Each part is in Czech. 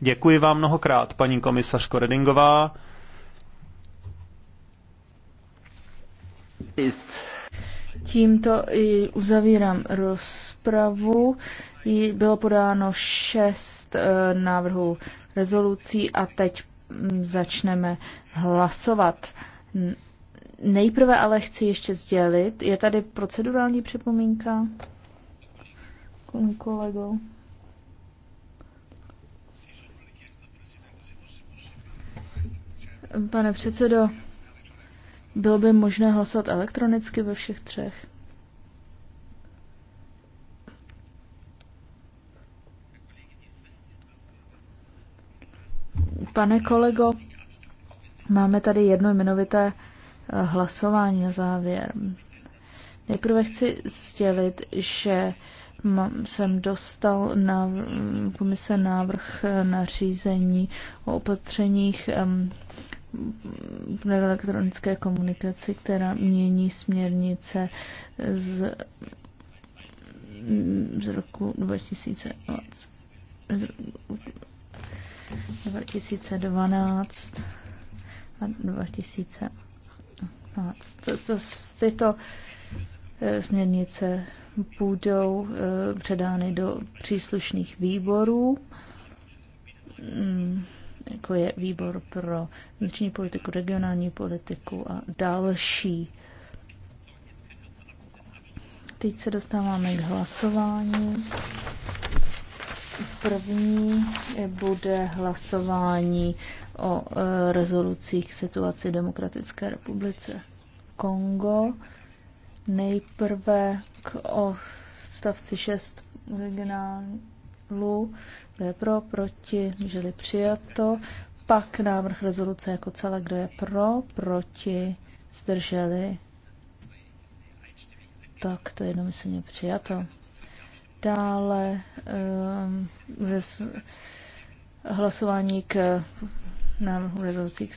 Děkuji vám mnohokrát, paní komisařko Redingová. Tímto i uzavírám rozpravu. Bylo podáno šest eh, návrhů rezolucí a teď mm, začneme hlasovat. Nejprve ale chci ještě sdělit, je tady procedurální připomínka? Kolego. Pane předsedo, bylo by možné hlasovat elektronicky ve všech třech? Pane kolego, máme tady jedno jmenovité eh, hlasování na závěr. Nejprve chci sdělit, že jsem dostal na komise návrh eh, na řízení o opatřeních v elektronické komunikaci, která mění směrnice z, z roku 2012. a 2015. tyto eh, směrnice budou eh, předány do příslušných výborů mm jako je výbor pro vnitřní politiku, regionální politiku a další. Teď se dostáváme k hlasování. První bude hlasování o e, rezolucích situaci Demokratické republice Kongo. Nejprve k odstavci 6 originální Lu, kdo je pro, proti, drželi přijato. Pak návrh rezoluce jako celé, kdo je pro, proti, zdrželi. Tak to je jednomyslně přijato. Dále um, ehm, rez, hlasování k návrhu rezolucí k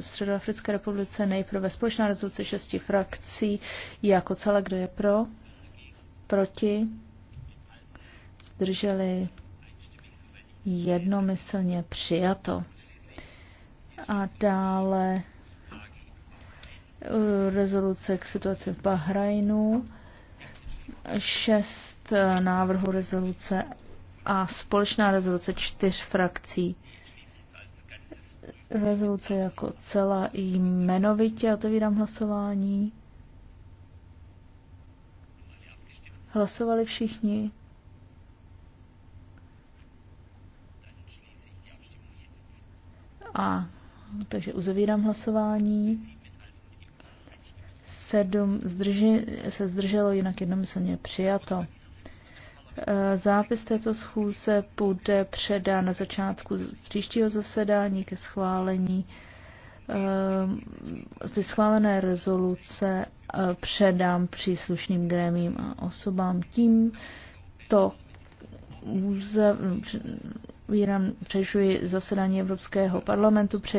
Středoafrické republice. Nejprve společná rezoluce šesti frakcí jako celé, kdo je pro, proti, zdrželi jednomyslně přijato. A dále eh, rezoluce k situaci v Bahrajnu, šest eh, návrhů rezoluce a společná rezoluce čtyř frakcí. Rezoluce jako celá i jmenovitě otevírám hlasování. Hlasovali všichni. A takže uzavírám hlasování. Sedm zdrži, se zdrželo, jinak jednomyslně přijato. E, zápis této schůze bude předán na začátku příštího zasedání ke schválení. Ty e, schválené rezoluce e, předám příslušným grémím a osobám. Tím to Vírám, přešuji zasedání Evropského parlamentu. Přeji